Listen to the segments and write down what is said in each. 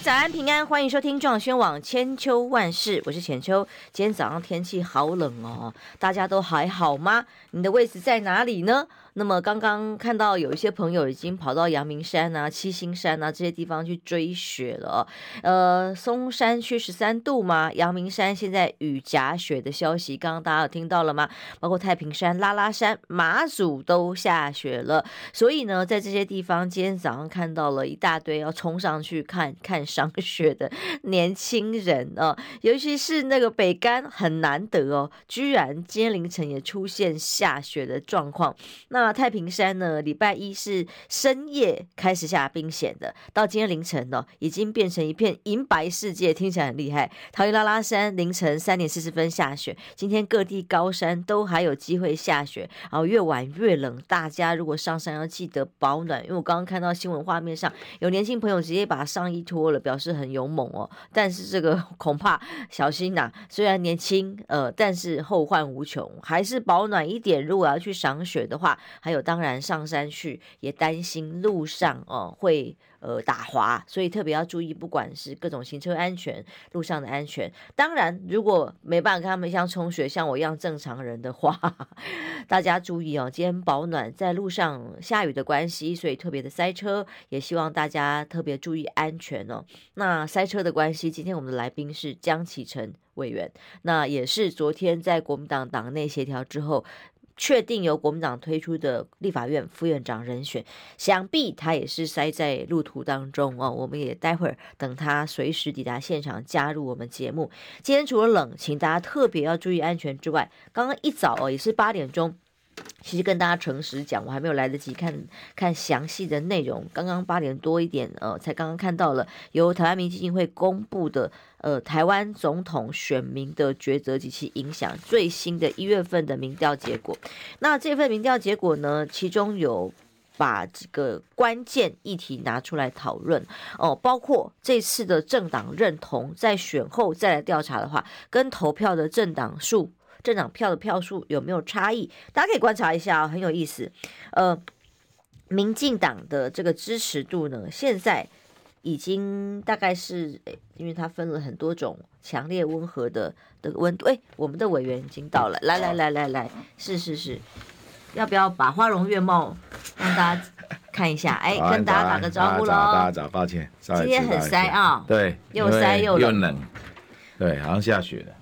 早安，平安，歡迎收聽壯軒網千秋萬事，我是淺秋。今天早上天氣好冷哦，大家都還好嗎？你的位置在哪裡呢？那麼剛剛看到有一些朋友已經跑到陽明山啊、七星山啊這些地方去追雪了。呃，松山區十三度嗎？陽明山現在雨夾雪的消息，剛剛大家有聽到了嗎？包括太平山、拉拉山、馬祖都下雪了，所以呢，在這些地方，今天早上看到了一大堆要衝上去看看。賞雪的年輕人哦，尤其是那個北竿，很難得哦，居然今天凌晨也出現下雪的狀況。那太平山呢？禮拜一是深夜開始下冰霰的，到今天凌晨呢，已經變成一片銀白世界，聽起來很厲害。桃園拉拉山凌晨三點四十分下雪，今天各地高山都還有機會下雪，然後越晚越冷，大家如果上山要記得保暖。因為我剛剛看到新聞畫面上有年輕朋友直接把上衣脫了。表示很勇猛哦，但是這個恐怕小心吶、啊。雖然年輕，呃，但是後患無窮，還是保暖一點。如果要去賞雪的話，還有當然上山去也擔心路上哦、呃、會。呃，打滑，所以特別要注意，不管是各種行車安全，路上的安全。當然，如果沒辦法跟他們像充血、像我一樣正常人的話，哈哈，大家注意哦，今天保暖，在路上下雨的關係，所以特別的塞車，也希望大家特別注意安全哦。那塞車的關係，今天我們的來賓是江啟臣委員，那也是昨天在國民黨黨內協調之後。確定由國民黨推出的立法院副院長人選，想必他也是塞在路途當中哦。我們也待會兒等他隨時抵達現場，加入我們節目。今天除了冷，請大家特別要注意安全之外，剛剛一早哦，也是八點鐘。其實跟大家誠實講，我還沒有來得及看看詳細的內容。剛剛八點多一點，呃，才剛剛看到了由台灣民意基金會公布的，呃，台灣總統選民的抉擇及其影響最新的一月份的民調結果。那這份民調結果呢，其中有把這個關鍵議題拿出來討論哦、呃，包括這次的政黨認同，在選後再來調查的話，跟投票的政黨數。政黨票的票數有沒有差異？大家可以觀察一下啊、喔，很有意思。呃，民進黨的這個支持度呢，現在已經大概是，因為它分了很多種，強烈、溫和的這個溫度。哎、欸，我們的委員已經到了，來來來來來，是是是，要不要把花容月貌讓大家看一下？哎、欸，早安，跟大家打個招呼嘍。大家早，早，早，抱歉，今天很塞啊、喔。對，又塞又冷，又冷，對，好像下雪了。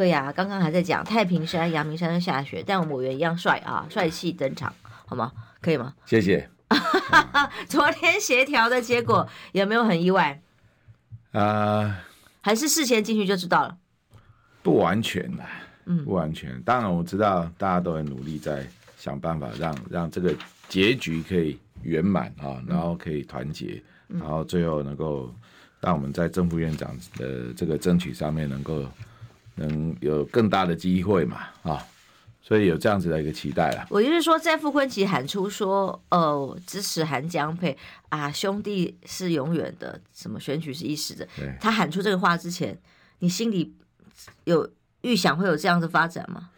對呀、啊，剛剛還在講太平山、陽明山都下雪，但我們委員一樣帥啊，帥氣登場，好嗎？可以嗎？謝謝。 昨天協調的結果、嗯、有沒有很意外？啊、呃，還是事先進去就知道了。不完全，嗯，不完全。當然我知道大家都很努力，在想辦法讓讓這個結局可以圓滿啊，然後可以團結，嗯、然後最後能夠讓我們在正副院長的這個爭取上面能夠。能有更大的機會嘛？啊、哦，所以有這樣子的一個期待了。我就是說，在傅昆萁喊出說“哦，支持韓江配啊，兄弟是永遠的，什麼選舉是一時的”，對他喊出這個話之前，你心裡有預想會有這樣子的發展嗎？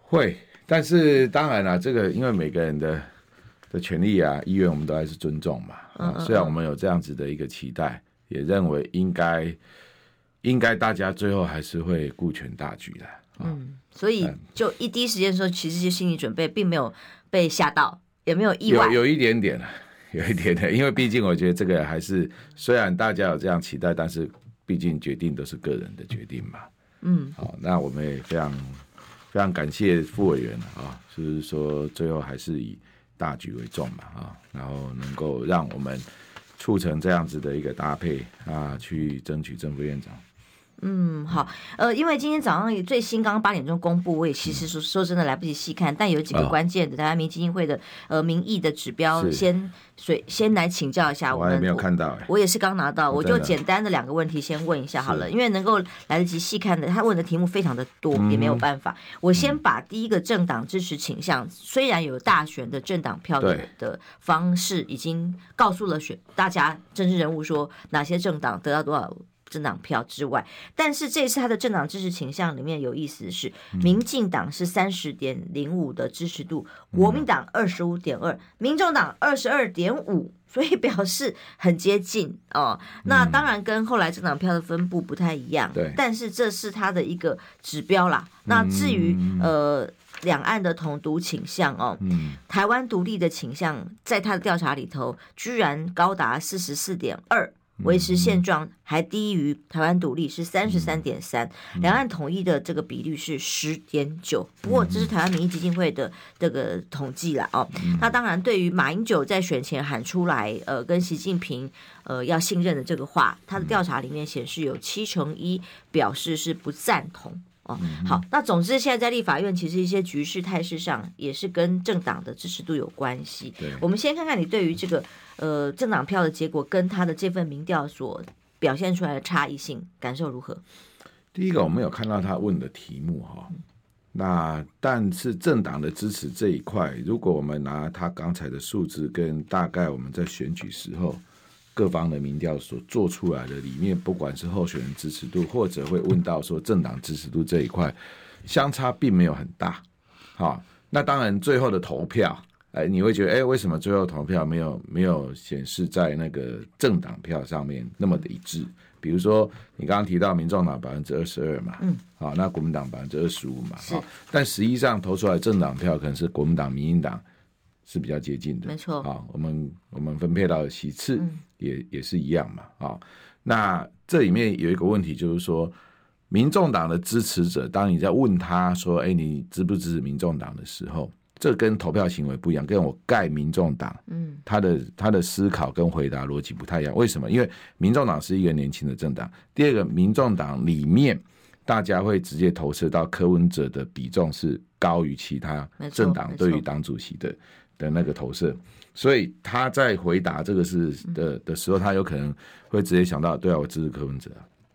會，但是當然了、啊，這個因為每個人的的權利啊、意願，我們都還是尊重嘛。啊，嗯嗯嗯雖然我們有這樣子的一個期待，也認為應該。應該大家最後還是會顧全大局的，哦、嗯，所以就一第一時間說，嗯、其實就是心理準備，並沒有被嚇到，也沒有意外，有有一點點，有一點點，因為畢竟我覺得這個還是，雖然大家有這樣期待，但是畢竟決定都是個人的決定嘛，嗯，好、哦，那我們也非常非常感謝傅委員啊、哦，就是說最後還是以大局為重嘛啊、哦，然後能夠讓我們促成這樣子的一個搭配啊，去爭取正副院長。嗯，好，呃，因為今天早上也最新剛剛八點鐘公布，我也其實說、嗯、說真的來不及細看，但有幾個關鍵的，哦、大家民基金會的呃民意的指標，是先隨先來請教一下我們。我還沒有看到、欸我，我也是剛拿到，我就簡單的兩個問題先問一下好了，是因為能夠來得及細看的，他問的題目非常的多，嗯、哼也沒有辦法，我先把第一個政黨支持傾向，嗯、雖然有大選的政黨票的對的方式已經告訴了選大家政治人物說哪些政黨得到多少。政黨票之外，但是這一次他的政黨支持傾向裡面有意思的是，嗯、民進黨是三十點零五的支持度，嗯、國民黨二十五點二，民眾黨二十二點五，所以表示很接近哦。那當然跟後來政黨票的分布不太一樣，對、嗯。但是這是他的一個指標啦。對那至於、嗯、呃兩岸的統獨傾向哦，嗯、台灣獨立的傾向在他的調查裡頭居然高達四十四點二。維持現狀還低於台灣獨立是三十三點三，兩岸統一的這個比率是十點九。不過這是台灣民意基金會的這個統計了哦。那當然，對於馬英九在選前喊出來，呃，跟習近平，呃，要信任的這個話，他的調查裡面顯示有七成一表示是不贊同。哦，好，那總之現在在立法院，其實一些局勢態勢上也是跟政黨的支持度有關係。對，我們先看看你對於這個呃政黨票的結果跟他的這份民調所表現出來的差異性感受如何？第一個，我們有看到他問的題目哈，那但是政黨的支持這一塊，如果我們拿他剛才的數字跟大概我們在選舉時候，各方的民調所做出來的裡面，不管是候選人支持度，或者會問到說政黨支持度這一塊，相差並沒有很大。好，那當然最後的投票，誒，你會覺得，誒，為什麼最後投票沒有沒有顯示在那個政黨票上面那麼的一致？比如說你剛剛提到民眾黨百分之二十二嘛，嗯，好，那國民黨百分之二十五嘛，好，但實際上投出來政黨票可能是國民黨、民進黨。是比較接近的，沒錯啊、哦。我們我們分配到的席次也、嗯、也是一樣嘛、哦、那這裡面有一個問題，就是說，民眾黨的支持者，當你在問他說：“哎、欸，你支不支持民眾黨的時候”，這跟投票行為不一樣。跟我蓋民眾黨，嗯，他的他的思考跟回答邏輯不太一樣。嗯、為什麼？因為民眾黨是一個年輕的政黨。第二個，民眾黨裡面大家會直接投射到柯文哲的比重是高於其他政黨對於黨主席的。的那個投射，所以他在回答這個事的的時候，嗯、他有可能會直接想到，對啊，我支持柯文哲，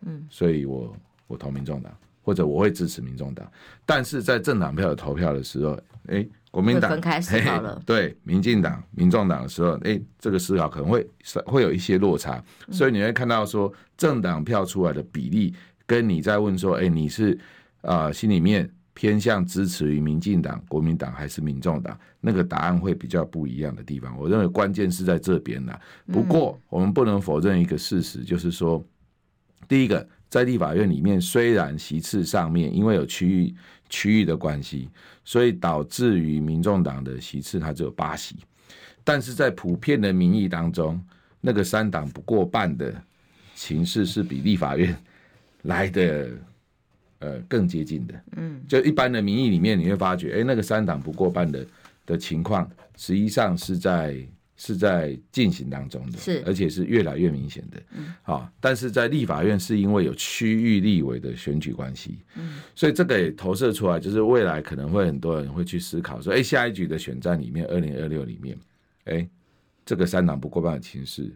嗯，所以我我投民眾黨，或者我會支持民眾黨。但是在政黨票的投票的時候，哎、欸，國民黨分開思考了、欸、對，民進黨、民眾黨的時候，哎、欸，這個思考可能會會有一些落差，所以你會看到說，政黨票出來的比例，跟你在問說，哎、欸，你是啊、呃，心裡面。偏向支持於民進黨、國民黨還是民眾黨，那個答案會比較不一樣的地方。我認為關鍵是在這邊啦。不過，我們不能否認一個事實，就是說，嗯、第一個在立法院裡面，雖然席次上面因為有區域區域的關係，所以導致於民眾黨的席次它只有八席，但是在普遍的民意當中，那個三黨不過半的情勢是比立法院來的。呃，更接近的，嗯，就一般的民意裡面，你會發覺，哎、欸，那個三黨不過半的的情況，實際上是在是在進行當中的，是，而且是越來越明顯的，嗯，好、哦，但是在立法院是因為有區域立委的選舉關係，嗯，所以這個也投射出來，就是未來可能會很多人會去思考說，哎、欸，下一局的選戰裡面，二零二六裡面，哎、欸，這個三黨不過半的情勢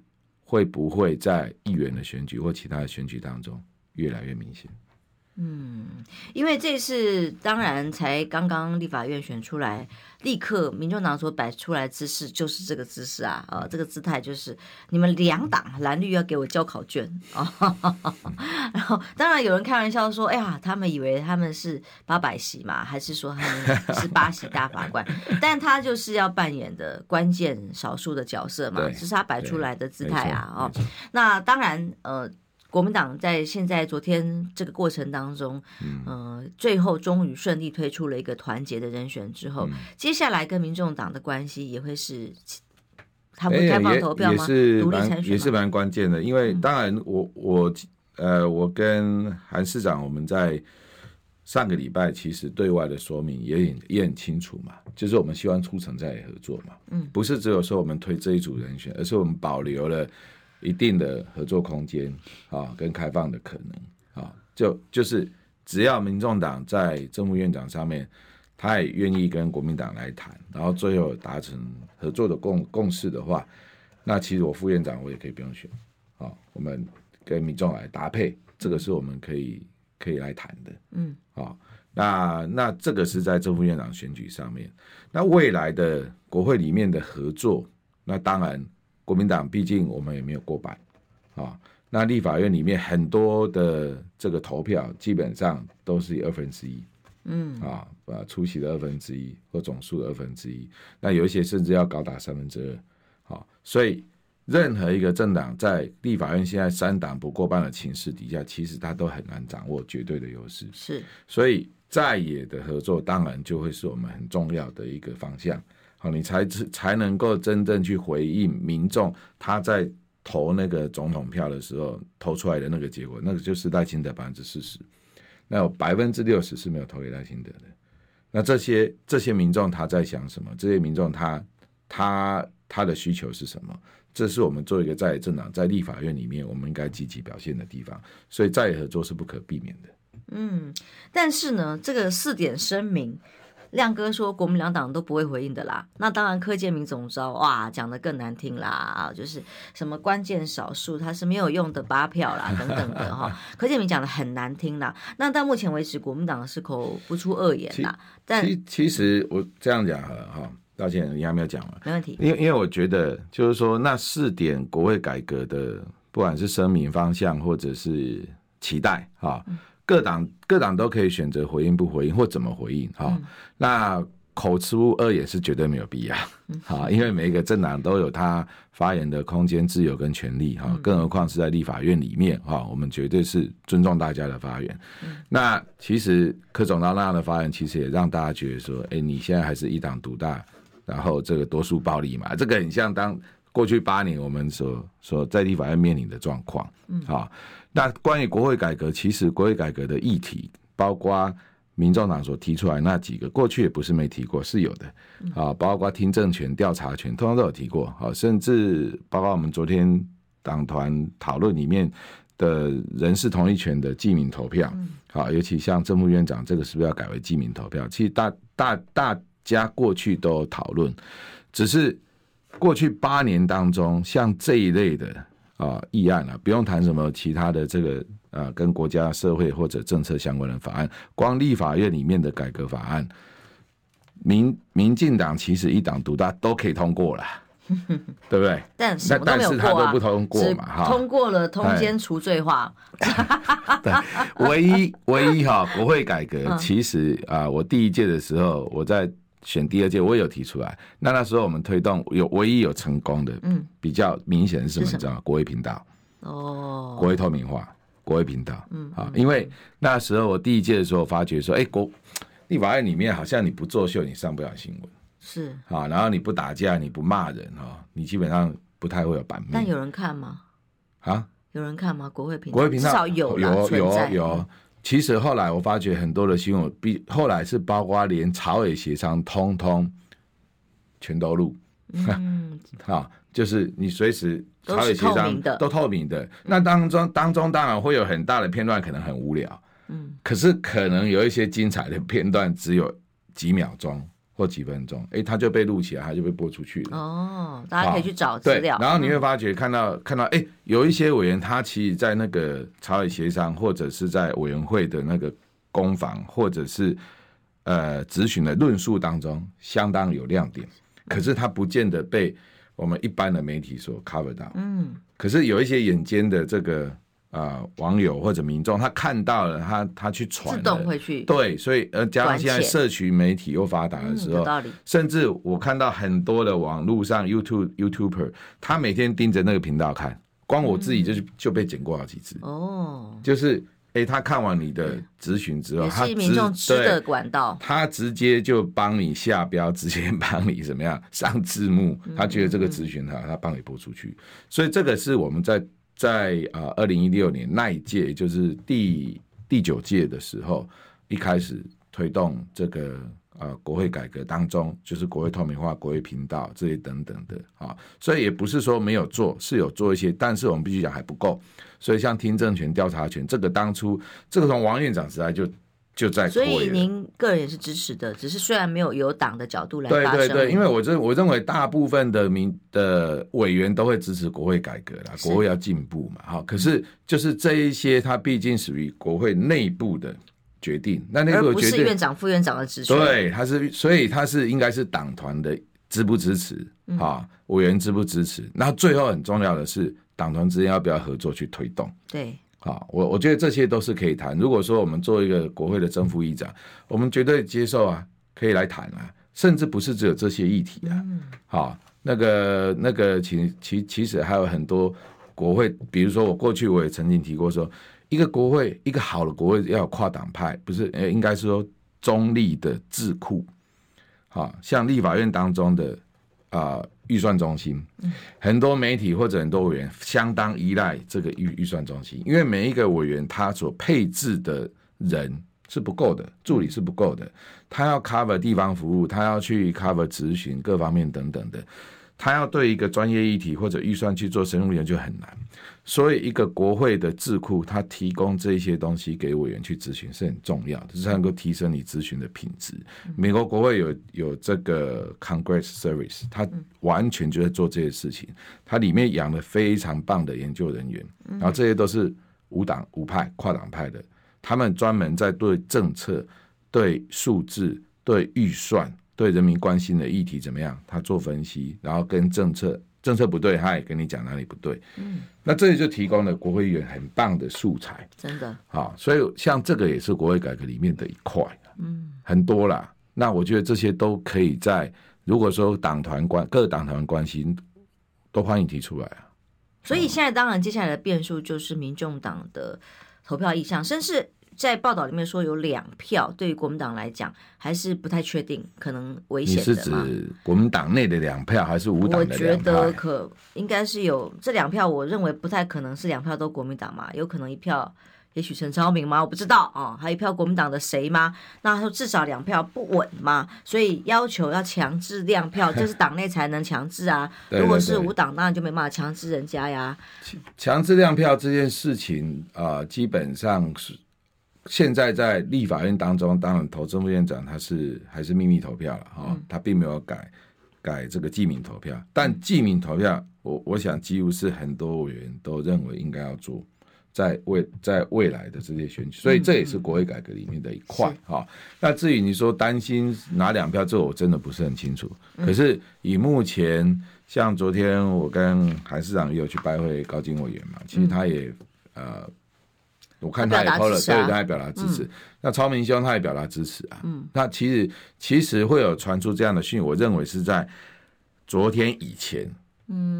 會不會在議員的選舉或其他的選舉當中越來越明顯？嗯，因為這次當然，才剛剛立法院選出來，立刻，民眾黨所擺出來的姿勢就是這個姿勢啊，呃，這個姿態就是你們兩黨藍綠要給我交考卷啊、哦。然後，當然有人開玩笑說，哎呀，他們以為他們是八百席嘛，還是說他們是八席大法官？ 但他就是要扮演的關鍵少數的角色嘛，這對是他擺出來的姿態啊，哦，那當然，呃。我們黨在現在昨天這個過程當中，嗯、呃，最後終於順利推出了一個團結的人選之後，嗯、接下來跟民眾黨的關係也會是他們開放投票嗎？獨立、哎、也,也,也是蠻關鍵的，因為當然我我呃，我跟韓市長我們在上個禮拜其實對外的說明也很也很清楚嘛，就是我們希望促成再合作嘛，嗯，不是只有說我們推這一組人選，而是我們保留了。一定的合作空間啊，跟開放的可能啊，就就是只要民眾黨在正副院長上面，他也願意跟國民黨來談，然後最後達成合作的共共識的話，那其實我副院長我也可以不用選啊，我們跟民眾來搭配，這個是我們可以可以來談的，嗯，好，那那這個是在正副院長選舉上面，那未來的國會裡面的合作，那當然。國民黨畢竟我們也沒有過半，啊、哦，那立法院裡面很多的這個投票基本上都是二分之一，嗯，啊、哦，出席的二分之一或總數的二分之一，那有一些甚至要高達三分之二，好，所以任何一個政黨在立法院現在三黨不過半的情勢底下，其實他都很難掌握絕對的優勢，是，所以在野的合作當然就會是我們很重要的一個方向。你才知，才能夠真正去回應民眾，他在投那個總統票的時候投出來的那個結果，那個就是賴清德百分之四十，那有百分之六十是沒有投給賴清德的。那這些這些民眾他在想什麼？這些民眾他他他的需求是什麼？這是我們做一個在政黨在立法院裡面我們應該積極表現的地方，所以在野合作是不可避免的。嗯，但是呢，這個四點聲明。亮哥說，國民兩黨都不會回應的啦。那當然，柯建銘總召哇，講的更難聽啦，就是什麼關鍵少數，他是沒有用的八票啦，等等的哈。 柯建銘講的很難聽啦。那到目前為止，國民黨是口不出惡言啦。但其,其,其實我這樣講哈、哦，道歉你還沒有講完。沒問題。因為因為我覺得就是說，那四點國會改革的，不管是聲明方向或者是期待哈。哦各黨各黨都可以選擇回應不回應或怎麼回應、嗯哦、那口出惡也是絕對沒有必要、嗯、因為每一個政黨都有他發言的空間、自由跟權利更何況是在立法院裡面、嗯哦、我們絕對是尊重大家的發言。嗯、那其實柯總召那樣的發言，其實也讓大家覺得說：哎、欸，你現在還是一黨獨大，然後這個多數暴力嘛，這個很像當過去八年我們所所在立法院面臨的狀況那關於國會改革，其實國會改革的議題，包括民眾黨所提出來那幾個，過去也不是沒提過，是有的。啊，包括聽證權、調查權，通常都有提過。啊，甚至包括我們昨天黨團討論裡面的人事同意權的記名投票，嗯，啊，尤其像正副院長這個是不是要改為記名投票？其實大大大，大家過去都有討論，只是過去八年當中，像這一類的。啊，議案啊，不用談什麼其他的這個啊，跟國家、社會或者政策相關的法案，光立法院裡面的改革法案，民民進黨其實一黨獨大都可以通過了， 對不對？但那、啊、但是他都不通過嘛，哈，通過了通奸除罪化，對， 唯一唯一哈，國會改革其實啊，我第一屆的時候我在。選第二屆我也有提出來，那那時候我們推動有唯一有成功的，嗯、比較明顯的是什麼？什麼你知道嗎？國會頻道哦，國會透明化，國會頻道。嗯啊，嗯因為那時候我第一屆的時候發覺說，哎、欸，國立法院裡面好像你不作秀你上不了新聞，是啊，然後你不打架你不罵人哈、喔，你基本上不太會有版面。但有人看嗎？啊，有人看嗎？國會頻道。國會頻道至少有有有有。現在。其實後來我發覺很多的新聞，比後來是包括連朝野協商，通通全都錄，嗯，就是你隨時朝野協商都透明的。明的，那當中當中當然會有很大的片段可能很無聊，嗯，可是可能有一些精彩的片段只有幾秒鐘。或幾分鐘，哎、欸，他就被錄起來，他就被播出去了。哦，大家可以去找資料、啊。然後你會發覺看到、嗯、看到，哎、欸，有一些委員，他其實在那個朝野協商，或者是在委員會的那個攻防，或者是呃質詢的論述當中，相當有亮點，嗯、可是他不見得被我們一般的媒體所 cover 到。嗯，可是有一些眼尖的這個。啊、呃，網友或者民眾，他看到了他，他他去傳，自動回去對，所以呃，加上現在社區媒體又發達的時候，嗯、道理甚至我看到很多的網路上 YouTube YouTuber，他每天盯着那個頻道看，光我自己就就被剪過好幾次。哦、嗯，就是哎、欸，他看完你的質詢之後，嗯、他只民眾知的管道，他直接就幫你下標，直接幫你怎麼樣上字幕，他覺得這個質詢他他幫你播出去，所以這個是我們在。在啊，二零一六年那一屆，就是第第九屆的時候，一開始推動這個啊、呃、國會改革當中，就是國會透明化、國會頻道這些等等的啊，所以也不是說沒有做，是有做一些，但是我們必須講還不夠。所以像聽證權、調查權，這個當初這個從王院長時代就。就在，所以您個人也是支持的，只是雖然沒有由黨的角度來發聲。對對對，因為我認我認為大部分的民的委員都會支持國會改革啦，是國會要進步嘛，哈，可是就是這一些，它畢竟屬於國會內部的決定，那、嗯、那個決定不是院長副院長的指示，對，他是所以他是應該是黨團的支不支持哈，嗯、委員支不支持，那最後很重要的是黨團之間要不要合作去推動，對。啊，我我覺得這些都是可以談。如果說我們做一個國會的正副議長，我們絕對接受啊，可以來談啊，甚至不是只有這些議題啊。好，那個那個其其其實還有很多國會，比如說我過去我也曾經提過說，一個國會一個好的國會要有跨黨派，不是呃，應該是說中立的智庫，好，像立法院當中的啊。呃預算中心，很多媒體或者很多委員相當依賴這個預預算中心，因為每一個委員他所配置的人是不夠的，助理是不夠的，他要 cover 地方服務，他要去 cover 諮詢各方面等等的。他要對一個專業議題或者預算去做深入研究很難，所以一個國會的智庫，他提供這些東西給委員去諮詢是很重要的，是能夠提升你諮詢的品質。美國國會有有這個 Congress Service，他完全就在做這些事情，他裡面養了非常棒的研究人員，然後這些都是無黨無派、跨黨派的，他們專門在對政策、對數字、對預算。對人民關心的議題怎麼樣？他做分析，然後跟政策，政策不對，他也跟你講哪裡不對。嗯，那這裡就提供了國會議員很棒的素材，真的。啊，所以像這個也是國會改革裡面的一塊。嗯，很多啦。那我覺得這些都可以在如果說黨團關各黨團關心，都歡迎提出來啊。所以現在當然接下來的變數就是民眾黨的投票意向，甚至。在報道裡面說有兩票，對於國民黨來講還是不太確定，可能危險的。你是指國民黨內的兩票還是無黨的？我覺得可應該是有這兩票，我認為不太可能是兩票都國民黨嘛，有可能一票也許陳超明嘛，我不知道啊，還一票國民黨的誰嘛？那說至少兩票不穩嘛，所以要求要強制亮票，這是黨內才能強制啊。如果是無黨，那你就沒辦法強制人家呀。強制亮票這件事情啊，基本上是。現在在立法院當中，當然投正副院長他是還是秘密投票了哈，嗯、他並沒有改改這個記名投票。但記名投票，我我想幾乎是很多委員都認為應該要做，在未在未來的這些選舉，所以這也是國會改革裡面的一塊哈、嗯嗯哦。那至於你說擔心拿兩票做，我真的不是很清楚。可是以目前，像昨天我跟韓市長也有去拜會高金委員嘛，其實他也、嗯、呃。啊、我看他也偷了，啊、對，他也表達支持。嗯、那超明兄他也表達支持啊。嗯、那其實其實會有傳出這樣的訊息，我認為是在昨天以前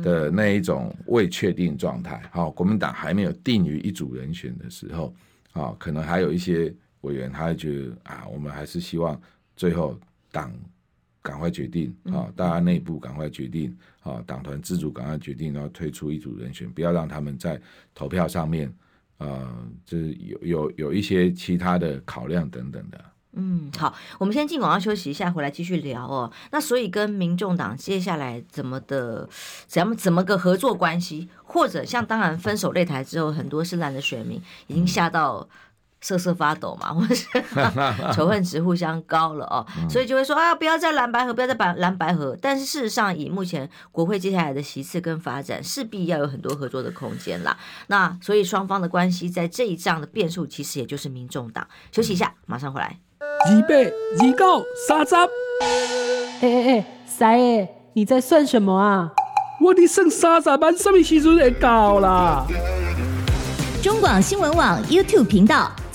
的那一種未確定狀態。好，國民黨還沒有定於一組人選的時候，好，可能還有一些委員，他就覺得啊，我們還是希望最後黨趕快決定啊，大家內部趕快決定啊，黨團自主趕快決定，然後推出一組人選，不要讓他們在投票上面。呃，就有有有一些其他的考量等等的。嗯，好，我們先進廣告休息一下，回來繼續聊哦。那所以跟民眾黨接下來怎麼的，咱們怎麼個合作關係？或者像當然分手擂台之後，很多是藍的選民已經嚇到。嗯瑟瑟發抖嘛，或者是仇恨值互相高了哦、喔， 所以就會說啊，不要再藍白合，不要再藍藍白合」。但是事實上，以目前國會接下來的席次跟發展，勢必要有很多合作的空間啦。那所以雙方的關係在這一仗的變數，其實也就是民眾黨。休息一下，馬上回來。預備，一告三十。哎哎哎，三爺，你在算什麼啊？我的上三十班什麼時陣會到啦？ 中廣新聞網 YouTube 頻道。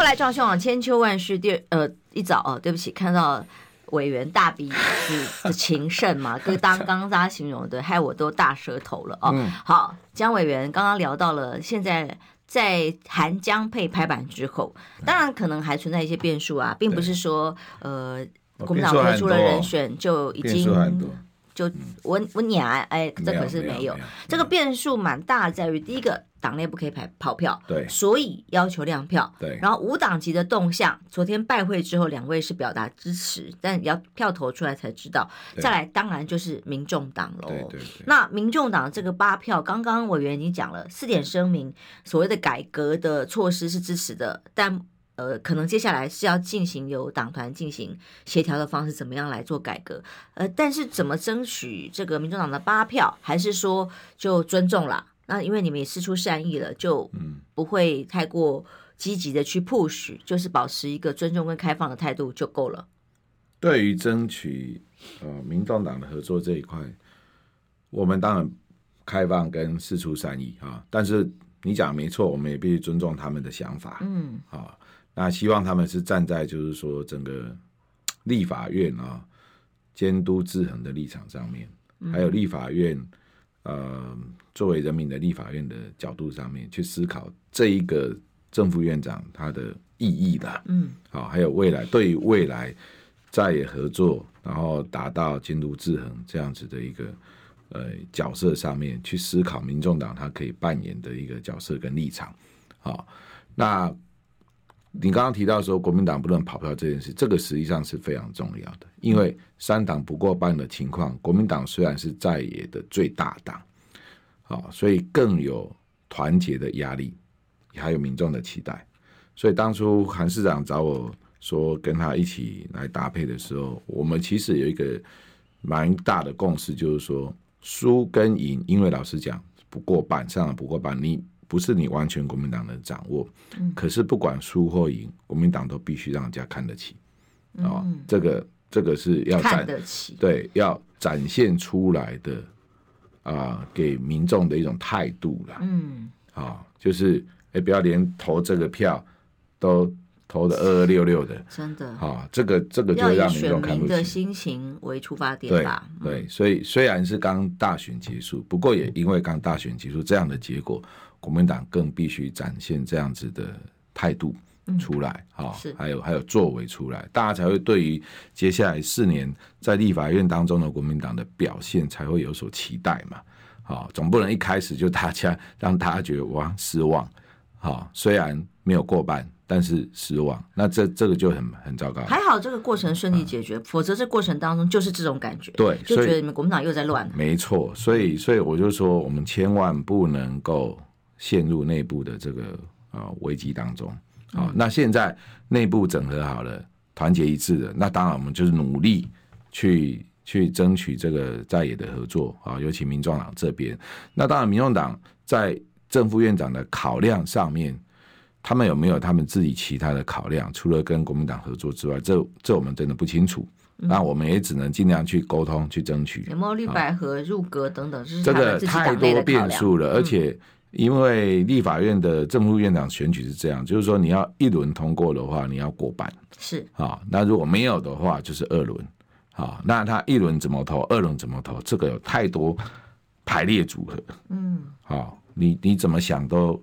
後來撞上網，千秋萬事第二，呃，一早哦。對不起，看到委員大鼻子，是的情聖嘛，跟 當鋼渣形容的 害我都大舌頭了哦。嗯、好，江委員剛剛聊到了現在在韓江配拍板之後，當然可能還存在一些變數啊，並不是說對呃，國民黨推出了人選就已經。就我我念哎，哎、嗯，這可是沒有，沒有，沒有，沒有這個變數蠻大的，在於第一個黨內不可以排跑票，對，所以要求亮票。對，然後無黨籍的動向，昨天拜會之後，兩位是表達支持，但要票投出來才知道。對再來，當然就是民眾黨嘍。對。對那民眾黨這個八票，剛剛委員已經講了四點聲明，所謂的改革的措施是支持的，但。呃，可能接下來是要進行由黨團進行協調的方式，怎麼樣來做改革？呃，但是怎麼爭取這個民眾黨的八票，還是說就尊重了？那因為你們也釋出善意了，就不會太過積極的去 push，、嗯、就是保持一個尊重跟開放的態度就夠了。對於爭取呃民眾黨的合作這一塊，我們當然開放跟釋出善意啊，但是你講的沒錯，我們也必須尊重他們的想法。嗯，好、啊。那希望他們是站在就是說整個立法院啊監督制衡的立場上面，還有立法院呃作為人民的立法院的角度上面去思考這一個正副院長他的意義的，嗯，好，還有未來對於未來再合作然後達到監督制衡這樣子的一個呃角色上面去思考民眾黨他可以扮演的一個角色跟立場，好，那。你剛剛提到說國民黨不能跑票這件事，這個實際上是非常重要的，因為三黨不過半的情況，國民黨雖然是在野的最大黨，啊、哦，所以更有團結的壓力，還有民眾的期待。所以當初韓市長找我說跟他一起來搭配的時候，我們其實有一個蠻大的共識，就是說輸跟贏，因為老實講不過半上不過半，你。不是你完全國民黨的掌握，嗯、可是不管輸或贏，國民黨都必須讓人家看得起、嗯哦、這個這個是要看得起，對，要展現出來的啊、呃，給民眾的一種態度啦。嗯，啊、哦，就是哎、欸，不要連投這個票都投的二二六六的，真的啊、哦，這個這個就會讓民眾看不起，要以選民的心情為出發點吧。對，對，所以雖然是剛大選結束，嗯、不過也因為剛大選結束這樣的結果，國民黨更必須展現這樣子的態度出來，哈、嗯哦，還有還有作為出來，大家才會對於接下來四年在立法院當中的國民黨的表現才會有所期待嘛，好、哦，總不能一開始就大家讓大家覺得哇失望，好、哦，雖然沒有過半，但是失望，那這這個就很很糟糕。還好這個過程順利解決，嗯、否則這過程當中就是這種感覺，對，就覺得你們國民黨又在亂了。沒錯，所以所以我就說，我們千萬不能夠。陷入內部的這個啊危機當中啊，嗯、那現在內部整合好了，團結一致的，那當然我們就是努力去去爭取這個在野的合作啊，尤其民眾黨這邊。那當然，民眾黨在正副院長的考量上面，他們有沒有他們自己其他的考量？除了跟國民黨合作之外，這這我們真的不清楚。嗯、那我們也只能盡量去溝通，去爭取。有沒綠白合入閣等等，是真的太多變數了，而且、嗯。因為立法院的正副院長選舉是這樣，就是說你要一輪通過的話，你要過半是啊、哦。那如果沒有的話，就是二輪啊、哦。那他一輪怎麼投，二輪怎麼投，這個有太多排列組合。嗯，好，你你怎麼想都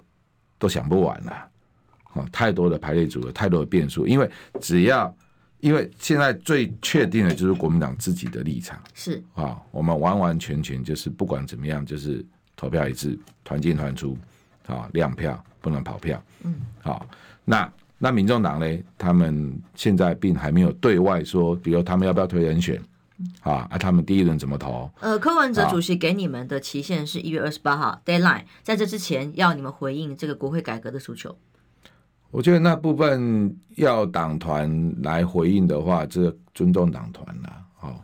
都想不完了啊、哦！太多的排列組合，太多的變數。因為只要因為現在最確定的就是國民黨自己的立場是啊、哦，我們完完全全就是不管怎麼樣就是。投票一致，團進團出，啊、哦，亮票不能跑票。嗯，好、哦，那那民眾黨呢？他們現在並還沒有對外說，比如他們要不要推人選，嗯、啊，他們第一輪怎麼投？呃，柯文哲主席給你們的期限是一月二十八號、哦、deadline，在這之前要你們回應這個國會改革的訴求。我覺得那部分要黨團來回應的話，這尊重黨團了，哦。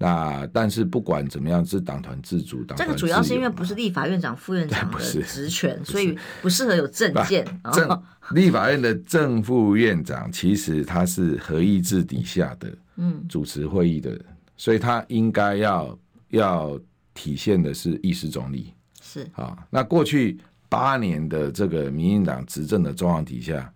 那但是不管怎麼樣，是黨團自主，黨這個主要是因為不是立法院長、副院長的職權，所以不適合有政見。立法院的正副院長其實他是合議制底下的，嗯，主持會議的，所以他應該要要體現的是意識中立、嗯、是啊。哦、那過去八年的這個民進黨執政的狀況底下，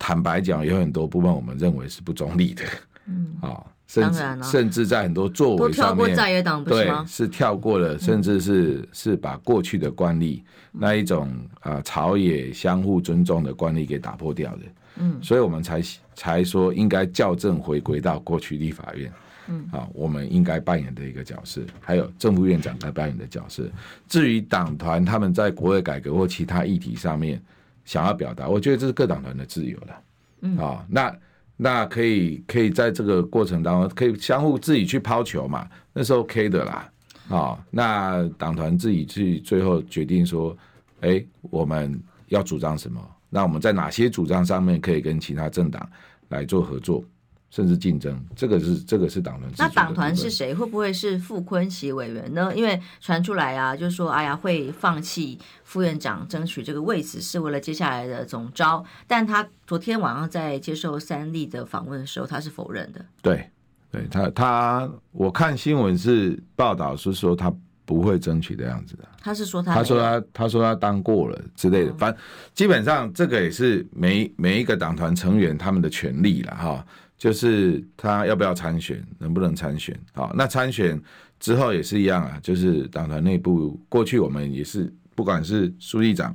坦白講有很多部分我們認為是不中立的，嗯啊。哦當然了、啊，甚至在很多作為上面，跳過在野黨，不是嗎？對，是跳過了，甚至是是把過去的慣例、嗯、那一種啊、呃，朝野相互尊重的慣例給打破掉的。嗯，所以我們才才說應該校正，回歸到過去立法院。嗯、啊、哦，我們應該扮演的一個角色，還有政府院長該扮演的角色。至於黨團他們在國會改革或其他議題上面想要表達，我覺得這是各黨團的自由了。哦、嗯，啊，那。那可以可以在這個過程當中，可以相互自己去拋球嘛？那是 OK 的啦，啊、哦，那黨團自己去最後決定說，哎、欸，我們要主張什麼？那我們在哪些主張上面可以跟其他政黨來做合作？甚至競爭，這個是這個是黨團。那黨團是誰？會不會是傅崐萁委員呢？因為傳出來啊，就是、說哎呀會放棄副院長，爭取這個位置，是為了接下來的總召。但他昨天晚上在接受三立的訪問的時候，他是否認的。對，對他他，我看新聞是報道是說他不會爭取這樣子的。他是說他，他說他，他說他當過了之類的。哦、反正基本上這個也是每每一個黨團成員他們的權利了哈。就是他要不要參選，能不能參選啊？那參選之後也是一樣啊。就是黨團內部，過去我們也是，不管是書記長、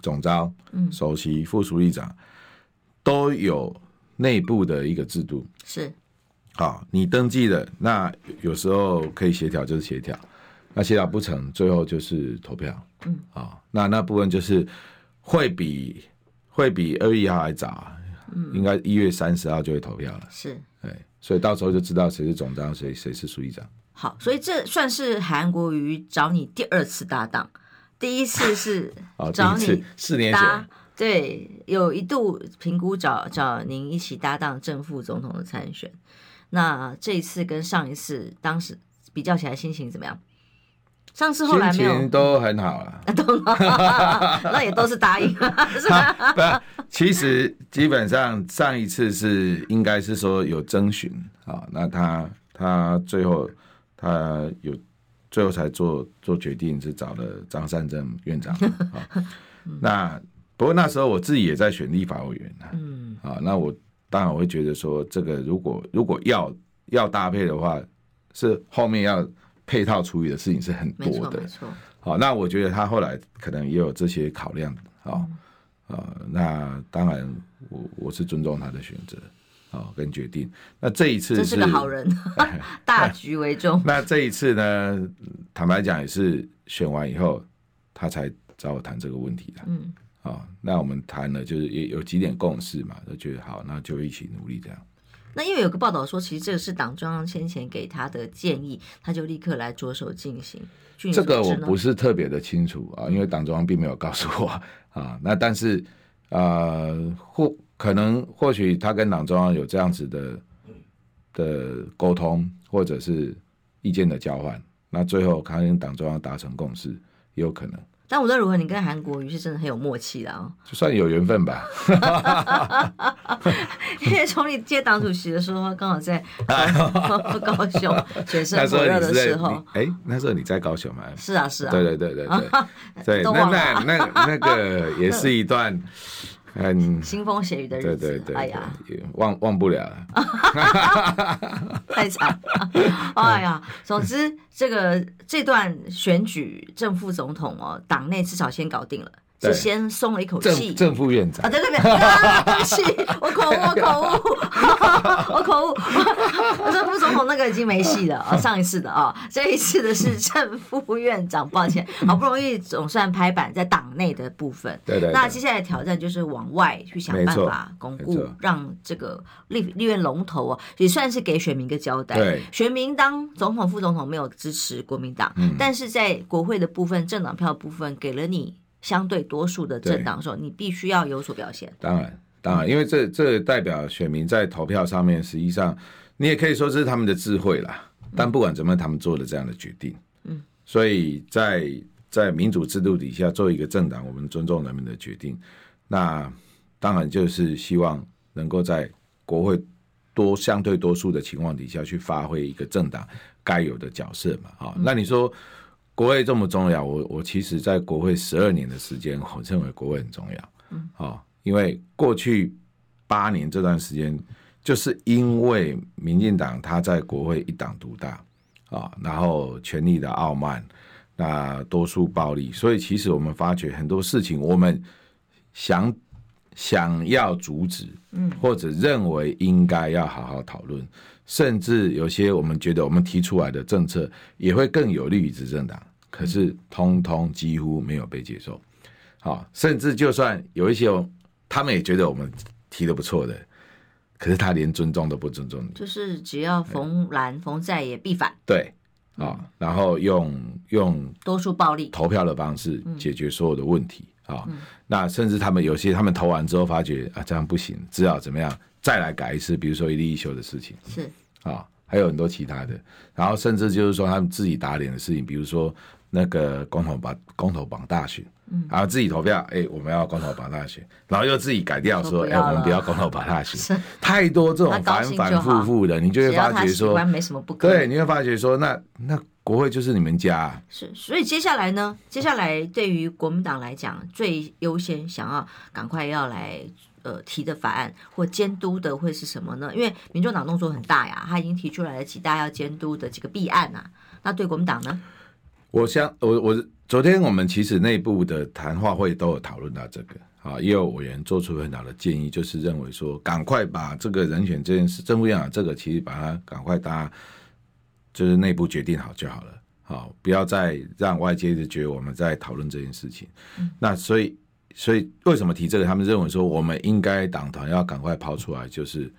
總召、首席、副書記長，嗯、都有內部的一個制度。是。好，你登記了，那有時候可以協調，就是協調；那協調不成，最後就是投票。嗯。啊，那那部分就是會比會比二月一號還早啊。嗯，應該一月三十號就會投票了。是，對，所以到時候就知道誰是總長，誰誰是輸一章。好，所以這算是韓國瑜找你第二次搭檔，第一次是找你 好，第一次，四年前。對，有一度評估找找您一起搭檔正副總統的參選，那這一次跟上一次當時比較起來，心情怎麼樣？上次後來都很好，啊嗯，了哈哈，那也都是答應。其實基本上上一次是應該是說有徵詢啊，那他他最後他有最後才做做決定，是找了張善政院長，哦， 那不過那時候我自己也在選立法委員啊，啊，哦，那我當然我會覺得說，這個如果如果要要搭配的話，是後面要，配套處理的事情是很多的，沒錯，好、哦，那我覺得他後來可能也有這些考量，啊、哦嗯呃、那當然我我是尊重他的選擇、哦，跟決定。那這一次是，這是個好人， 大局為重、哎那。那這一次呢，坦白講也是選完以後，他才找我談這個問題的。嗯，好、哦，那我們談了，就是也有幾點共識嘛，都覺得好，那就一起努力這樣。那因為有個報道說，其實這個是黨中央先前給他的建議，他就立刻來着手進行。這個我不是特別的清楚啊，因為黨中央並沒有告訴我啊。那但是，啊、呃、或可能或許他跟黨中央有這樣子的的溝通，或者是意見的交換，那最後他跟黨中央達成共識也有可能。但無論如何，你跟韓國瑜是真的很有默契的哦、啊，就算有緣分吧。 因為從你接黨主席的時候，剛好在高雄選戰火熱的時候，哎 、欸，那時候你在高雄嗎？是啊，是啊，對，對對對對對， 對，那那那，那個也是一段 那。 很腥風血雨的日子，嗯、對對對對，哎呀，忘忘不了了， 太慘了，哎呀，總之這個這段選舉正副總統哦，黨內至少先搞定了。是先鬆了一口氣。正副院長啊、哦，對對對，對不起，我口我口誤，我口誤，正 副總統那個已經沒戲了啊、哦，上一次的啊、哦，這一次的是正副院長， 抱歉，好不容易總算拍板在黨內的部分。對，對對。那接下來挑戰就是往外去想辦法鞏固，讓這個立立院龍頭哦、啊，也算是給選民一個交代。對，選民當總統副總統沒有支持國民黨，嗯、但是在國會的部分政黨票部分給了你。相對多數的政黨的時候，對你必須要有所表現。當然，當然，因為這這代表選民在投票上面，實際上、嗯、你也可以說這是他們的智慧啦。嗯、但不管怎麼，他們做了這樣的決定，嗯，所以在在民主制度底下，做一個政黨，我們尊重人民的決定。那當然就是希望能夠在國會多相對多數的情況底下去發揮一個政黨該有的角色嘛。啊、嗯哦，那你說？國會這麼重要，我我其實，在國會十二年的時間，我認為國會很重要。嗯、哦，因為過去八年這段時間，就是因為民進黨他在國會一黨獨大啊、哦，然後權力的傲慢，那多數暴力，所以其實我們發覺很多事情，我們想想要阻止，嗯，或者認為應該要好好討論。甚至有些我們覺得我們提出來的政策也會更有利於執政黨，可是通通幾乎沒有被接受。好，甚至就算有一些，他們也覺得我們提的不錯的，可是他連尊重都不尊重你。就是只要逢藍逢在也必反。對，啊，然後用用多數暴力投票的方式解決所有的問題。啊，那甚至他們有些他們投完之後發覺啊這樣不行，至少怎麼樣？再來改一次，比如說一例一休的事情是啊、哦，還有很多其他的，然後甚至就是說他們自己打臉的事情，比如說那個公投把公投綁大選，嗯，然後自己投票，哎、欸，我們要公投綁大選，然後又自己改掉說，哎、欸，我們不要公投綁大選， 太多這種、嗯、反反复复的，你就會發覺說對，你會發覺說那那國會就是你們家、啊，是，所以接下來呢，接下來對於國民黨來講，最優先想要趕快要來。呃，提的法案或監督的會是什麼呢？因為民眾黨動作很大呀，他已經提出來了幾大要監督的幾個弊案吶、啊。那對國民黨呢？我想我我昨天我們其實內部的談話會都有討論到這個。啊、哦，也有委員做出很好的建議，就是認為說，趕快把這個人選這件事、政府院長這個，其實把它趕快大就是內部決定好就好了。好、哦，不要再讓外界的覺得我們在討論這件事情。嗯、那所以。所以為什麼提這個？他們認為說，我們應該黨團要趕快拋出來，就是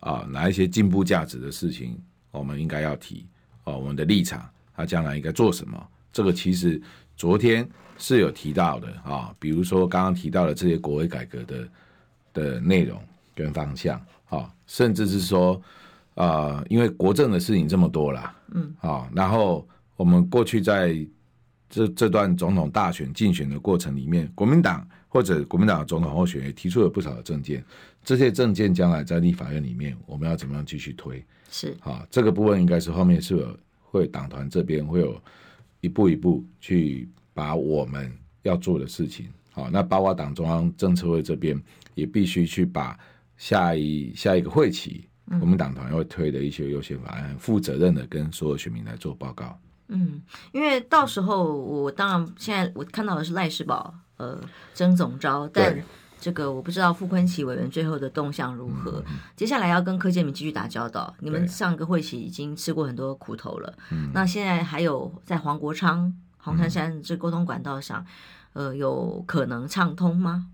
啊，哪一些進步價值的事情，我們應該要提啊，我們的立場，他、啊、將來應該做什麼？這個其實昨天是有提到的啊，比如說剛剛提到的這些國會改革的的內容跟方向啊，甚至是說啊，因為國政的事情這麼多了，嗯啊，然後我們過去在這這段總統大選競選的過程裡面，國民黨。或者國民黨總統候選人提出了不少的政件，這些政件將來在立法院裡面，我們要怎麼樣繼續推？是啊，這個部分應該是後面是會黨團這邊會有一步一步去把我們要做的事情，好，那包括黨中央政策會這邊也必須去把下一下一個會期，我們黨團會推的一些優先法案，負責任的跟所有選民來做報告。嗯，因為到時候我當然現在我看到的是賴世寶。呃，曾總召，但這個我不知道傅崐萁委員最後的動向如何。嗯、接下來要跟柯建銘繼續打交道，嗯、你們上個會期已經吃過很多苦頭了。嗯、那現在還有在黃國昌、黃珊珊這溝通管道上，嗯、呃，有可能暢通嗎？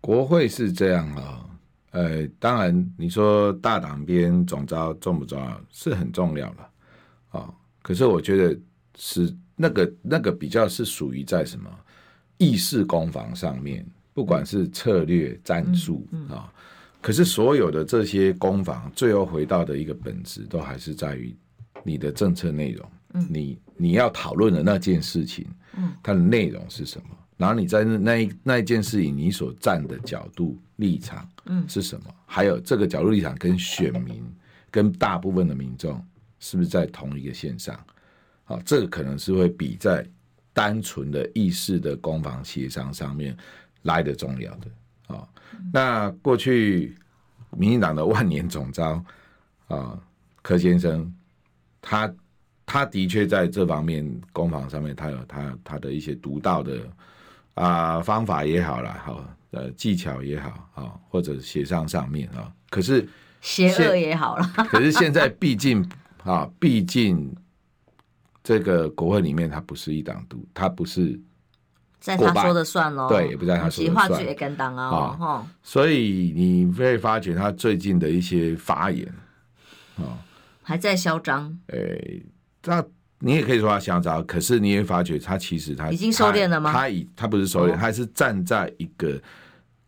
國會是這樣啊、哦，呃、欸，當然你說大黨邊總召重不重要，是很重要了啊、哦。可是我覺得是那個那個比較是屬於在什麼？議事攻防上面，不管是策略戰術啊、嗯嗯哦，可是所有的這些攻防，最後回到的一個本質，都還是在於你的政策內容，嗯、你你要討論的那件事情，嗯、它的內容是什麼？然後你在那那那一件事情，你所站的角度立場，嗯，是什麼？嗯、還有這個角度立場跟選民、跟大部分的民眾，是不是在同一個線上？哦、這個可能是會比在。單純的意識的攻防協商上面來得重要的啊、哦，那過去民進黨的萬年總召啊，柯先生他他的確在這方面攻防上面，他有他他的一些獨到的啊方法也好了，好呃技巧也好、啊，或者協商上面啊，可是邪惡也好了，可是現在畢竟啊，畢竟。這個國會裡面，他不是一黨獨，他不是在他說的算嘍，對，也不在他說的算。極啊、哦哦，所以你會發覺他最近的一些發言、哦、還在囂張。誒、哎，那你也可以說他囂張，可是你也發覺他其實他已經收斂了嗎？他已他不是收斂，哦、他是站在一個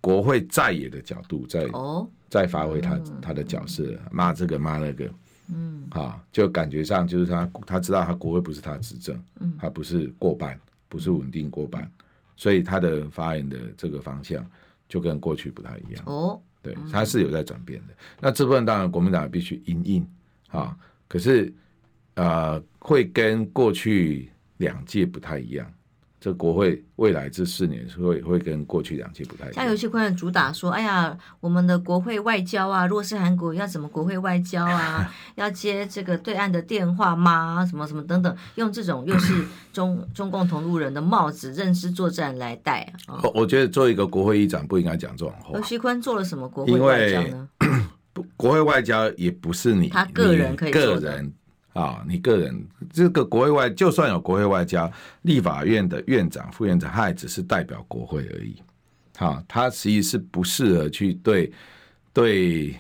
國會在野的角度，在哦，在發揮他、嗯、他的角色，罵這個罵那個。嗯，啊，就感覺上就是他，他知道他國會不是他執政，他不是過半，不是穩定過半，所以他的發言的這個方向就跟過去不太一樣。哦，嗯、對，他是有在轉變的。那這部分當然國民黨也必須因應啊，可是啊、呃，會跟過去兩屆不太一樣。這國會未來這四年是會會跟過去兩期不太一樣。像游錫堃的主打說：“哎呀，我們的國會外交啊，若是韓國要怎麼國會外交啊？要接這個對岸的電話嗎？什麼什麼等等，用這種又是中 中共同路人”的帽子，認知作戰來戴啊。我我覺得做一個國會議長不應該講這種話。游錫堃做了什麼國會外交呢？國國會外交也不是你他個人可以做的。啊，你個人這個國會外就算有國會外交，立法院的院長、副院長，他也只是代表國會而已。好，他實際是不適合去對對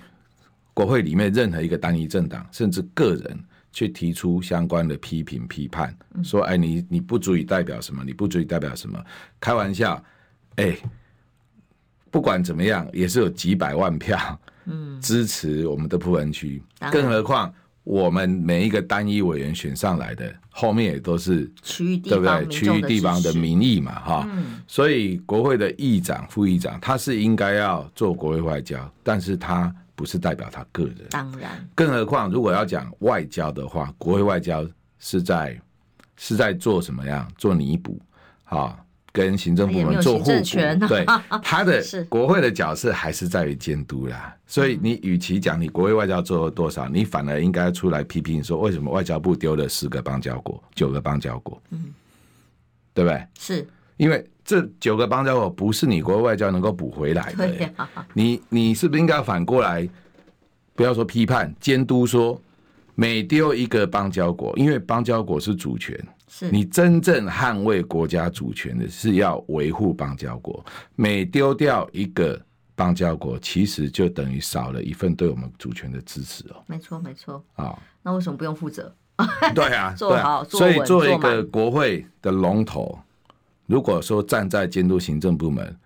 國會裡面任何一個單一政黨，甚至個人去提出相關的批評、批判，說哎，你你不足以代表什麼，你不足以代表什麼。開玩笑，哎，不管怎麼樣，也是有幾百萬票，支持我們的不分區，更何況。我們每一個單一委員選上來的，後面也都是區域地方，對不對？區域地方的民意嘛，哈、嗯。所以國會的議長、副議長，他是應該要做國會外交，但是他不是代表他個人。當然，更何況如果要講外交的話，國會外交是在是在做什麼樣？做彌補，哦。跟行政部門政權、啊、做互補，對他的國會的角色還是在於監督啦。所以你與其講你國會外交做了多少，你反而應該出來批評說，為什麼外交部丟了四個邦交國、九個邦交國？嗯，對不對？是，因為這九個邦交國不是你國外外交能夠補回來的、欸。你你是不是應該反過來，不要說批判監督，說每丟一個邦交國，因為邦交國是主權。是你真正捍衛國家主權的，是要維護邦交國。每丟掉一個邦交國，其實就等於少了一份對我們主權的支持哦。沒錯，沒錯。啊、哦，那為什麼不用負責？對啊，做 好。啊、穩所以，作為一個國會的龍頭，滿如果說站在監督行政部門，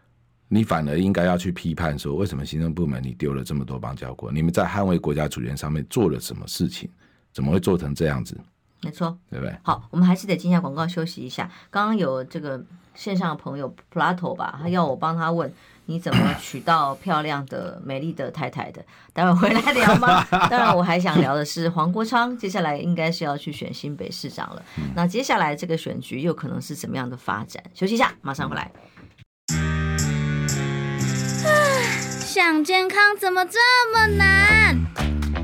你反而應該要去批判說，為什麼行政部門你丟了這麼多邦交國？你們在捍衛國家主權上面做了什麼事情？怎麼會做成這樣子？沒錯，好，我們還是得進下廣告，休息一下。剛剛有這個線上的朋友 Plato 吧，他要我幫他問，你怎麼娶到漂亮的、美麗的太太的？待會回來聊嗎？ 當然，我還想聊的是黃國昌，接下來應該是要去選新北市長了。那接下來這個選舉又可能是怎麼樣的發展？休息一下，馬上回來。 想健康怎麼這麼難？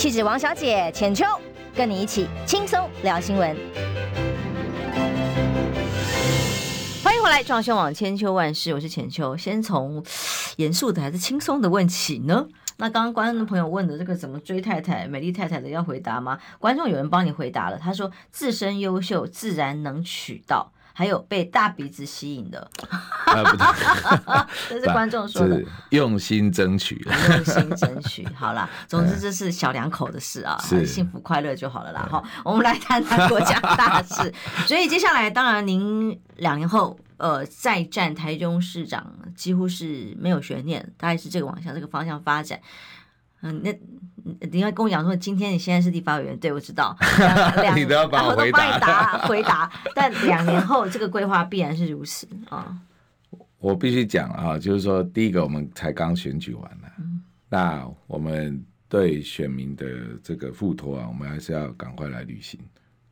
氣質王小姐淺秋，跟你一起輕鬆聊新聞。歡迎回來，裝修網千秋萬事，我是淺秋。先從嚴肅的還是輕鬆的問起呢？那剛剛觀眾朋友問的這個怎麼追太太、美麗太太的要回答嗎？觀眾有人幫你回答了，他說自身優秀，自然能娶到。還有被大鼻子吸引的。 啊、不。 這是觀眾說的。用心爭取， 用心爭取。好啦，總之這是小兩口的事啊，嗯、是幸福快樂就好了啦。是好，我們來談談國家大事。 所以接下來，當然您兩年後呃，再戰台中市長，幾乎是沒有懸念，大概是這個往向這個方向發展。嗯、呃，那。你要跟我講說，今天你現在是立法委員，對我知道， 你都要幫我回答了， 回答。但兩年後，這個規劃必然是如此啊！我必須講啊，就是說，第一個，我們才剛選舉完了。嗯、那我們對選民的這個付托啊，我們還是要趕快來履行、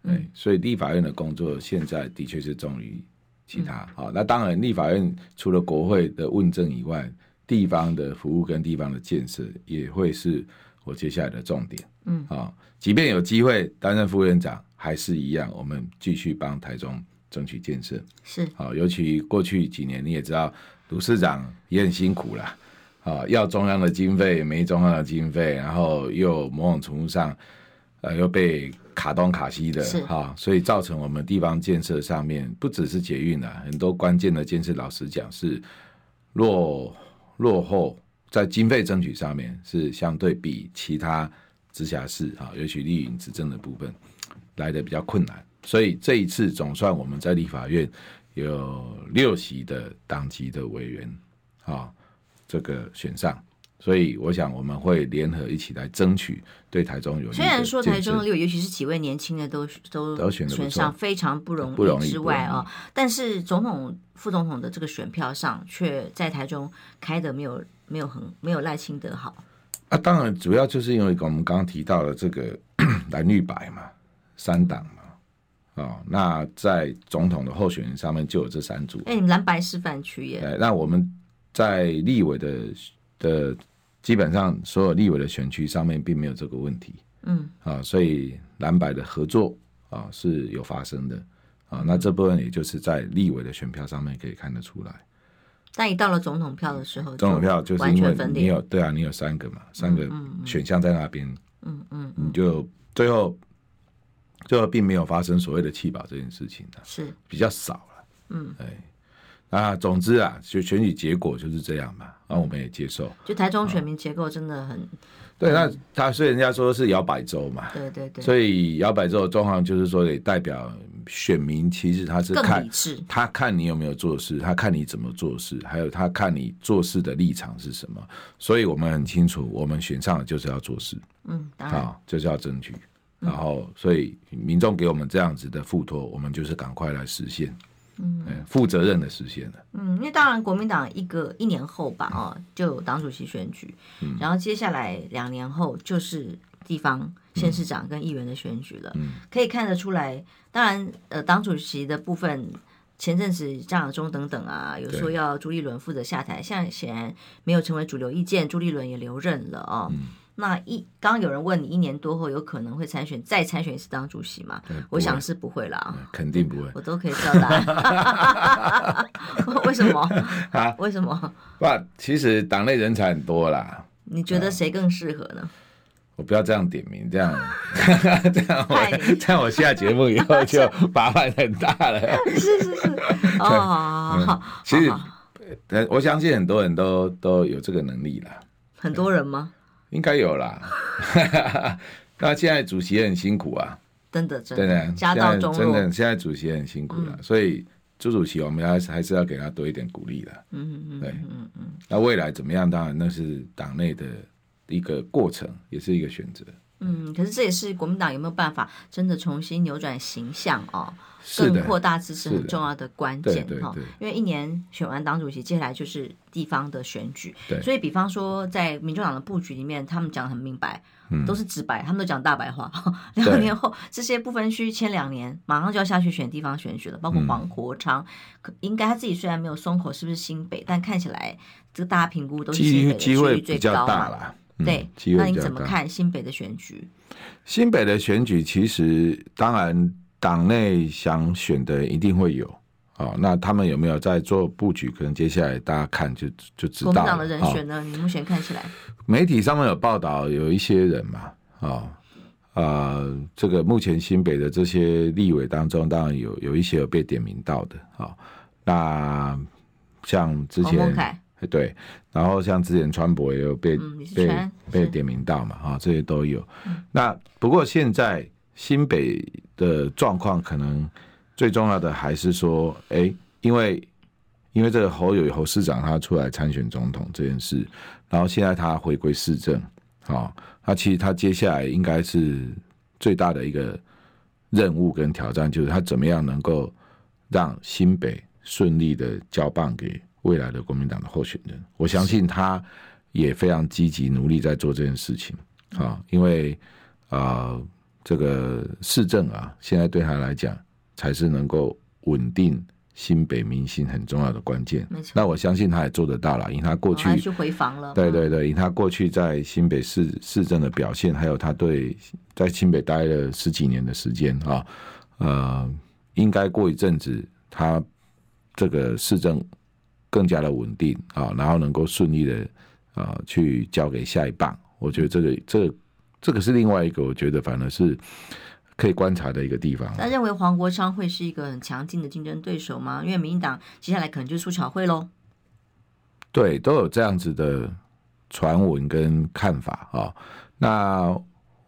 嗯哎。所以立法院的工作現在的確是重於其他。好、嗯啊，那當然，立法院除了國會的問政以外，地方的服務跟地方的建設也會是。我接下來的重點，嗯啊，即便有機會擔任副院長，還是一樣，我們繼續幫台中爭取建設是啊。尤其過去幾年你也知道，盧市長也很辛苦了啊，要中央的經費沒中央的經費，然後又某種程度上呃又被卡東卡西的哈，是所以造成我們地方建設上面不只是捷運了，很多關鍵的建設，老實講是落落後在經費爭取上面，是相對比其他直轄市啊，尤其綠營執政的部分來得比較困難，所以這一次總算我們在立法院有六席的黨籍的委員啊，這個選上。所以我想我們會聯合一起來爭取對台中有，雖然說台中六，尤其是幾位年輕的都都選上非常不容易之外啊，但是總統副總統的這個選票上，卻在台中開得沒有沒有很沒有賴清德好啊。當然主要就是因為我們剛剛提到了這個藍綠白嘛，三黨嘛啊、哦，那在總統的候選人上面就有這三組。哎、欸，你藍白示範區耶。哎，那我們在立委的的。基本上所有立委的選區上面並沒有這個問題，嗯，啊，所以藍白的合作啊是有發生的，啊，那這部分也就是在立委的選票上面可以看得出來。但你到了總統票的時候，總統票就是因為你有對啊，你有三個嘛，三個選項在那邊、嗯，嗯嗯，嗯嗯你就最後最後並沒有發生所謂的棄保這件事情的、啊，是比較少了、啊，嗯，哎。啊，總之啊，就選舉結果就是這樣嘛，然、啊、後我們也接受。就台中選民結構真的很，嗯、對，那他雖然人家說是搖擺州嘛，對對對，所以搖擺州的狀況就是說也代表選民，其實他是看，他看你有沒有做事，他看你怎麼做事，還有他看你做事的立場是什麼。所以我們很清楚，我們選上了就是要做事，嗯，當然、啊，就是要爭取。然後，所以民眾給我們這樣子的付託，我們就是趕快來實現。嗯，負責任的實現了。嗯，因為當然，國民黨一個一年後吧，哦，就有黨主席選舉，嗯，然後接下來兩年後就是地方縣市長跟議員的選舉了。嗯，可以看得出來，當然，呃，黨主席的部分，前陣子張亞中等等啊，有說要朱立倫負責下台，現在顯然沒有成為主流意見，朱立倫也留任了哦。嗯那一剛有人問你，一年多後有可能會參選，再參選一次當主席嗎？我想是不會啦，肯定不會。我都可以知道答案。為什麼？為什麼？哇，其實黨內人才很多啦。你覺得誰更適合呢？我不要這樣點名，這樣這樣，在我下節目以後就麻煩很大了。是是是，哦，其實我相信很多人都都有這個能力啦。很多人嗎？應該有啦，哈哈哈。那現在主席也很辛苦啊，真的真的，真的，現在，真的現在主席也很辛苦了，嗯、所以朱主席我們還是還是要給他多一點鼓勵的。嗯，嗯嗯嗯，對，嗯嗯，那未來怎麼樣？當然那是黨內的一個過程，也是一個選擇。嗯，可是這也是國民黨有沒有辦法真的重新扭轉形象哦更擴大支持很重要的關鍵哈。對對對因為一年選完黨主席，接下來就是地方的選舉。對所以比方說在民眾黨的布局裡面，他們講得很明白，嗯、都是直白，他們都講大白話。兩年後這些不分區，簽兩年對馬上就要下去選地方選舉了。包括黃國昌，嗯、應該他自己雖然沒有鬆口是不是新北，但看起來這個大家評估都是新北的，幾率最高。大了。嗯、對，機會比較高。那你怎麼看新北的選舉？新北的選舉其實，當然黨內想選的一定會有、哦、那他們有沒有在做布局？可能接下來大家看就就知道了。工黨的人選呢？哦、你目前看起來，媒體上面有報道有一些人嘛啊、哦呃、這個目前新北的這些立委當中，當然有有一些有被點名到的啊、哦。那像之前，哦、對。然後像之前川博也有被、嗯、被是被點名到嘛，哈，這些都有。那不過現在新北的狀況，可能最重要的還是說，哎，因為因為這個侯友宜侯市長他出來參選總統這件事，然後現在他回歸市政，啊、哦，那其實他接下來應該是最大的一個任務跟挑戰，就是他怎麼樣能夠讓新北順利的交棒給。未來的國民黨的候選人，我相信他也非常積極努力在做這件事情啊、哦，因為呃，這個市政啊，現在對他來講才是能夠穩定新北民心很重要的關鍵。沒錯。那我相信他也做得到啦，因為他過去、哦、他對對對，因為他過去在新北市市政的表現，還有他對在新北待了十幾年的時間啊、哦，呃，應該過一陣子他這個市政。更加的穩定啊，然後能夠順利的啊去交給下一棒。我覺得這個這個、這個是另外一個我覺得反而是可以觀察的一個地方。那認為黃國昌會是一個很強勁的競爭對手嗎？因為民進黨接下來可能就蘇巧慧嘍。對，都有這樣子的傳聞跟看法啊。那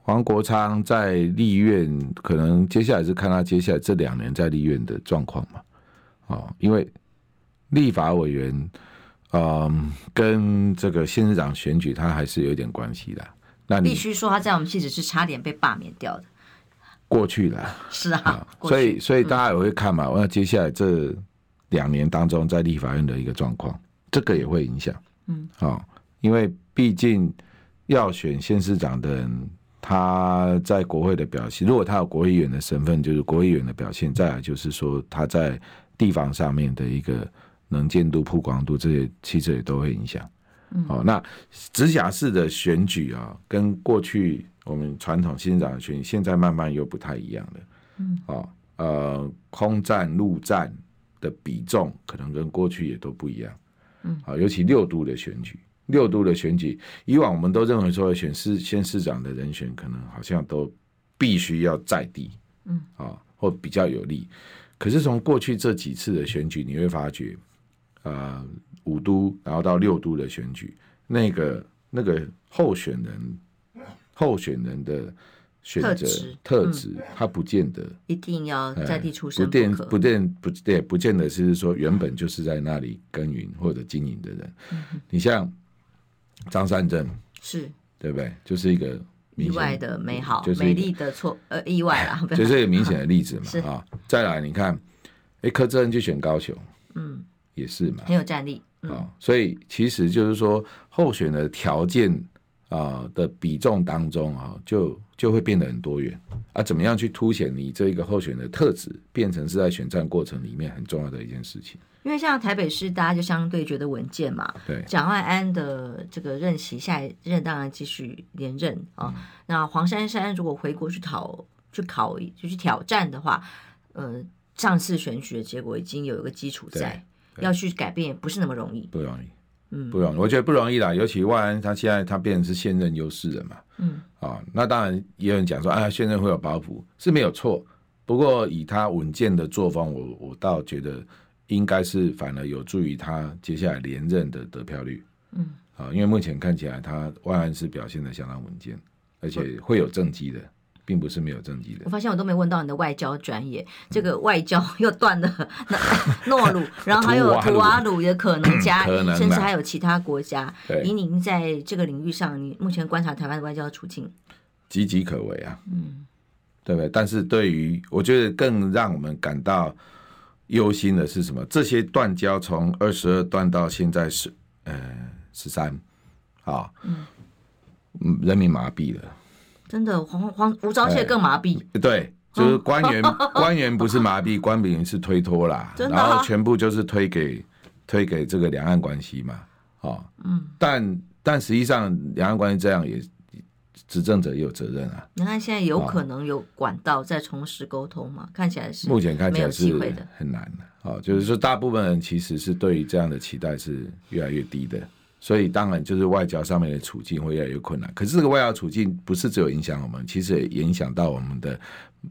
黃國昌在立院可能接下來是看他接下來這兩年在立院的狀況嘛啊，因為。立法委員，嗯，跟這個縣市長選舉，他還是有點關係的。那你必須說，他在我們其實是差點被罷免掉的。過去了，是啊，哦、去所以所以大家也會看嘛。那、嗯、接下來這兩年當中，在立法院的一個狀況，這個也會影響。嗯，好、哦，因為畢竟要選縣市長的人，他在國會的表現，如果他有國會議員的身份，就是國會議員的表現；再來就是說他在地方上面的一個。能見度、曝光度這些，其實也都會影響。嗯，好、哦，那直轄市的選舉啊，跟過去我們傳統新市長的選舉，現在慢慢又不太一樣了。嗯、哦，呃，空戰、陸戰的比重可能跟過去也都不一樣。嗯，好，尤其六都的選舉，六都的選舉，以往我們都認為說選市、縣市長的人選可能好像都必須要在地。嗯，啊、哦，或比較有利，可是從過去這幾次的選舉，你會發覺。呃，五都，然後到六都的選舉，那個那個候選人，候選人的選擇特質，特質嗯、他不見得一定要在地出生不、呃，不見不見不對，不見得是說原本就是在那裡耕耘或者經營的人。嗯、哼你像張善政是，對不對？就是一個明顯意外的美好，就是美麗的錯呃意外啊，就是一個明顯的例子嘛啊 是、哦。再來，你看，哎，柯志恩就選高雄，嗯。也是嘛，很有戰力啊！所以其實就是說，候選的條件啊、呃、的比重當中啊，就就會變得很多元啊。怎麼樣去凸顯你這個候選的特質，變成是在選戰過程裡面很重要的一件事情。因為像台北市，大家就相對覺得穩健嘛。對，蔣萬安的這個任期，下一任當然繼續連任啊。哦嗯、那黃珊珊如果回國去考去考就去，去挑戰的話，呃，上次選舉的結果已經有一個基礎在。要去改變不是那麼容易，不容易，嗯，不容易。我覺得不容易啦，尤其萬安他現在他變成是現任優勢了嘛，嗯，啊，那當然也有人講說，啊，現任會有包袱是沒有錯，不過以他穩健的作風，我我倒覺得應該是反而有助於他接下來連任的得票率，嗯，啊，因為目前看起來他萬安是表現的相當穩健，而且會有政績的。並不是沒有政績的。我發現我都沒問到你的外交專業，嗯、這個外交又斷了那、嗯、 諾魯，然後還有吐瓦魯也可能加以，能甚至還有其他國家。對，以您在這個領域上，你目前觀察台灣的外交處境，岌岌可危啊。嗯，對不對？但是對於，我覺得更讓我們感到憂心的是什麼？這些斷交從二十二斷到現在是呃十三，好，嗯，人民麻痹了。真的，黃黃吳釗燮更麻痹、欸。對，就是官員 官員不是麻痹官民是推脫啦。真的。啊、然後全部就是推給推給這個兩岸關係嘛，啊、哦，嗯。但但實際上，兩岸關係這樣也執政者也有責任啊。你看現在有可能有管道在重拾溝通嗎？哦、看起來是目前看起來是很難的。啊、哦，就是說大部分人其實是對於這樣的期待是越來越低的。所以當然就是外交上面的處境會越來越困難。可是這個外交處境不是只有影響我們，其實也影響到我們的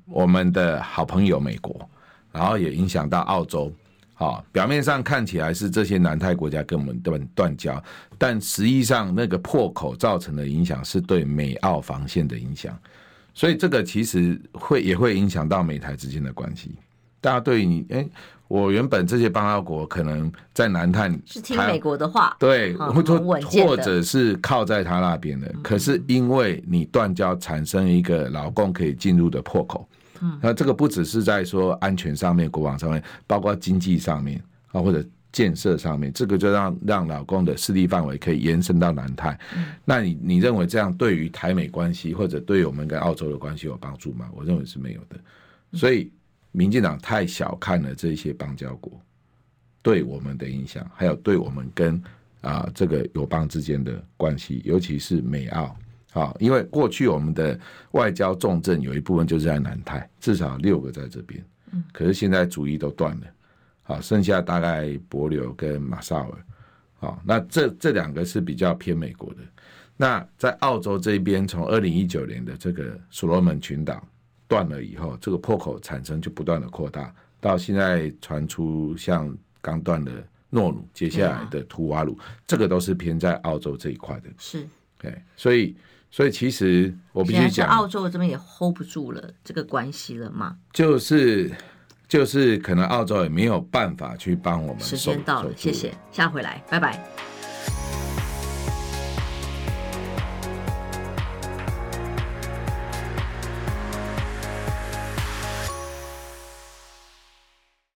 我們的好朋友美國，然後也影響到澳洲。啊，表面上看起來是這些南太國家跟我們斷斷交，但實際上那個破口造成的影響是對美澳防線的影響。所以這個其實會也會影響到美台之間的關係。大家對你哎、欸，我原本，這些邦交國可能在南太是聽美國的話，對，或者是靠在他那邊的。可是因為你斷交，產生一個老共可以進入的破口。嗯，那這個不只是在說安全上面、國防上面，包括經濟上面啊，或者建設上面，這個就讓讓老共的勢力範圍可以延伸到南太。嗯、那你你認為這樣對於台美關係或者對我們跟澳洲的關係有幫助嗎？我認為是沒有的。所以。嗯民進黨太小看了這些邦交國對我們的影響，還有對我們跟啊這個友邦之間的關係，尤其是美澳啊，因為過去我們的外交重鎮有一部分就是在南太，至少六個在這邊。可是現在主義都斷了，啊，剩下大概帛琉跟馬紹爾，啊，那這這兩個是比較偏美國的。那在澳洲這邊，從二零一九年的這個所羅門群島。斷了以後，這個破口產生就不斷的擴大，到現在傳出像剛斷的諾魯，接下來的圖瓦魯，啊、這個都是偏在澳洲這一塊的。是，對，所以，所以其實我必須講，澳洲這邊也 hold 不住了，這個關係了嘛？就是，就是可能澳洲也沒有辦法去幫我們。時間到了，住謝謝，下回來，拜拜。